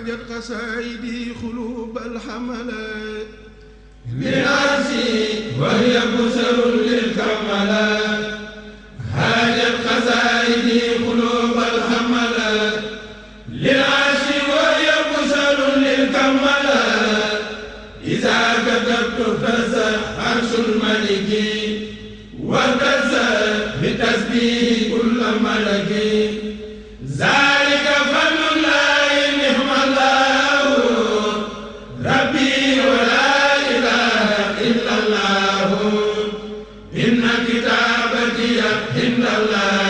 أخرجت قصائدي قلوب الحملات لنفسي وهي بسر للكملات هاجت قصائدي قلوب الحملات للعرش وهي بسر للكملات إذا كتبت فزع عرش الملك وارتزع بتسبيح كل ملك kitaabati indallah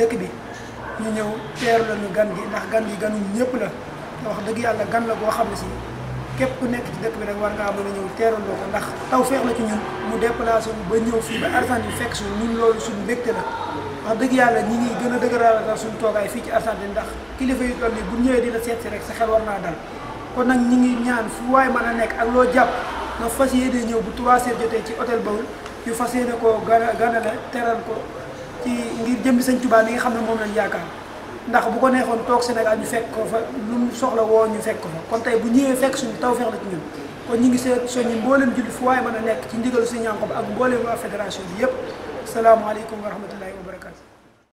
dëkk bi ñu ñëw teeru la ñu gan gi ndax gan gi ganu ñëpp la te wax dëgg yàlla gan la goo xam ne si képp ku nekk ci dëkk bi rek war ngaa mën a ñëw teeral loo ko ndax taw feex la ci ñun mu déplacé wu ba ñëw fii ba Argentine fekk suñ ñun loolu suñu mbégte la wax dëgg yàlla ñi ngi gën a dëgëraalatal suñu toogaay fii ci Argentine ndax kilifa yu toll nii bu ñëwee dina seet si rek sa xel war naa dal kon nag ñi ngi ñaan fu waay mën a nekk ak loo jàpp nga fas yéene ñëw bu 3 heures jotee ci hôtel Baol ñu fas yéene koo gana ganale teral ko ci ngir jëmbi sëñ Tuubaa mi nga xam ne moom lañ yaakaar ndax bu ko neexoon toog Sénégal ñu fekk ko fa lu mu soxla woo ñu fekk ko fa kon tey bu ñëwee fekk suñu taw la ci ñun kon ñu ngi seet soññi mbooleem julli foo waaye mën a nekk ci ndigalu sëñ Yankoba ak mbooleem waa fédération bi yëpp salaamaaleykum wa rahmatullahi wa barakatu